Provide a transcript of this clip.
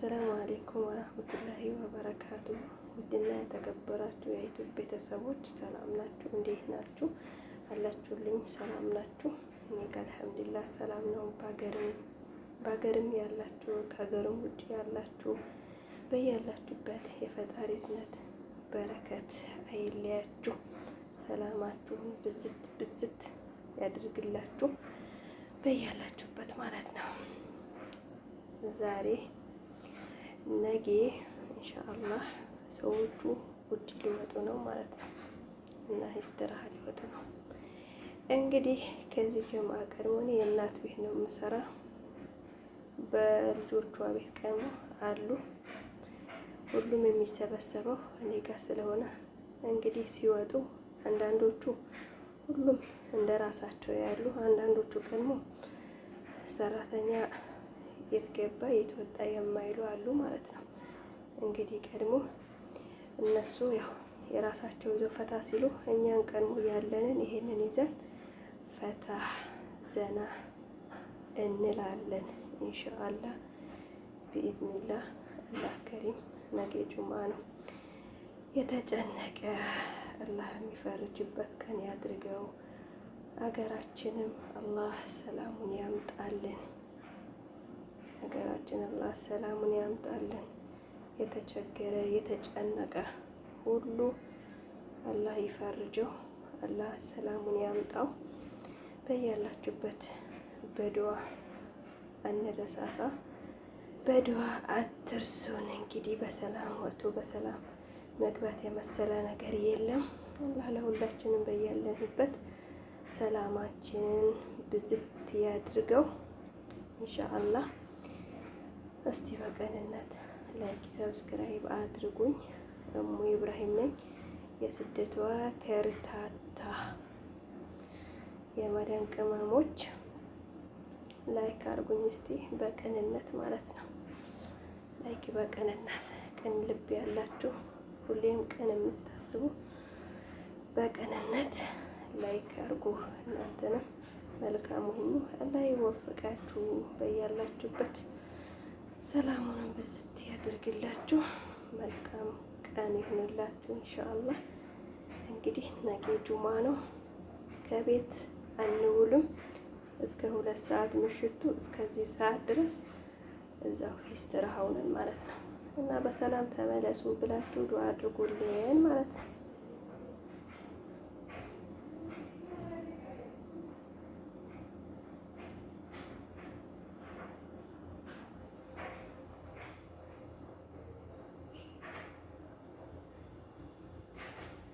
አሰላሙ አሌይኩም ወረህመቱላሂ ወበረካቱ። ውድና የተከበራችሁ የኢትዮጵያ ቤተሰቦች ሰላም ናችሁ? እንዴት ናችሁ? አላችሁልኝ? ሰላም ናችሁ? እኔ ጋ አልሐምዱሊላህ ሰላም ነው። በሀገርም ያላችሁ ከሀገርም ውጭ ያላችሁ በያላችሁበት የፈጣሪ እዝነት በረከት አይለያችሁ፣ ሰላማችሁን ብዝት ብዝት ያድርግላችሁ በያላችሁበት ማለት ነው ዛሬ ነገ ኢንሻአላህ ሰዎቹ ውድ ሊመጡ ነው ማለት ነው እና ስትራሃ ሊወጡ ነው። እንግዲህ ከዚህ ጀምአ ቀድሞ እኔ የእናት ቤት ነው የምሰራ። በልጆቿ ቤት ቀድሞ አሉ ሁሉም የሚሰበሰበው እኔ ጋር ስለሆነ እንግዲህ ሲወጡ አንዳንዶቹ ሁሉም እንደ ራሳቸው ያሉ፣ አንዳንዶቹ ቀድሞ ሰራተኛ የት ገባ የት ወጣ የማይሉ አሉ ማለት ነው። እንግዲህ ቀድሞ እነሱ ያው የራሳቸው ይዘው ፈታ ሲሉ እኛን ቀድሞ ያለንን ይሄንን ይዘን ፈታ ዘና እንላለን። ኢንሻአላ ቢኢዝኒላ አላህ ከሪም። ነገ ጁማ ነው። የተጨነቀ አላህ የሚፈርጅበት ቀን ያድርገው። አገራችንም አላህ ሰላሙን ያምጣልን። ሀገራችን አላህ ሰላሙን ያምጣልን። የተቸገረ የተጨነቀ ሁሉ አላህ ይፈርጀው። አላህ ሰላሙን ያምጣው። በያላችሁበት በድዋ አንረሳሳ፣ በድዋ አትርሱን። እንግዲህ በሰላም ወጥቶ በሰላም መግባት የመሰለ ነገር የለም። አላህ ለሁላችንም በያለንበት ሰላማችንን ብዝት ያድርገው ኢንሻአላህ። እስቲ በቅንነት ላይክ ሰብስክራይብ አድርጉኝ። እሙ ኢብራሂም ነኝ የስደቷ ከርታታ የማዳን ቅመሞች ላይክ አድርጉኝ እስቲ በቅንነት ማለት ነው። ላይክ በቅንነት ቅን ልብ ያላችሁ ሁሌም ቅን የምታስቡ በቅንነት ላይክ አድርጉ። እናንተንም መልካም ሁሉ አላህ ይወፍቃችሁ በያላችሁበት ሰላሙንም ብዝት ያድርግላችሁ። መልካም ቀን ይሁንላችሁ። ኢንሻአላህ እንግዲህ ነገ ጁማ ነው። ከቤት አንውልም እስከ ሁለት ሰዓት ምሽቱ እስከዚህ ሰዓት ድረስ እዛው ሂስትራ ሆነን ማለት ነው እና በሰላም ተመለሱ ብላችሁ ዱዓ አድርጉልን ማለት ነው።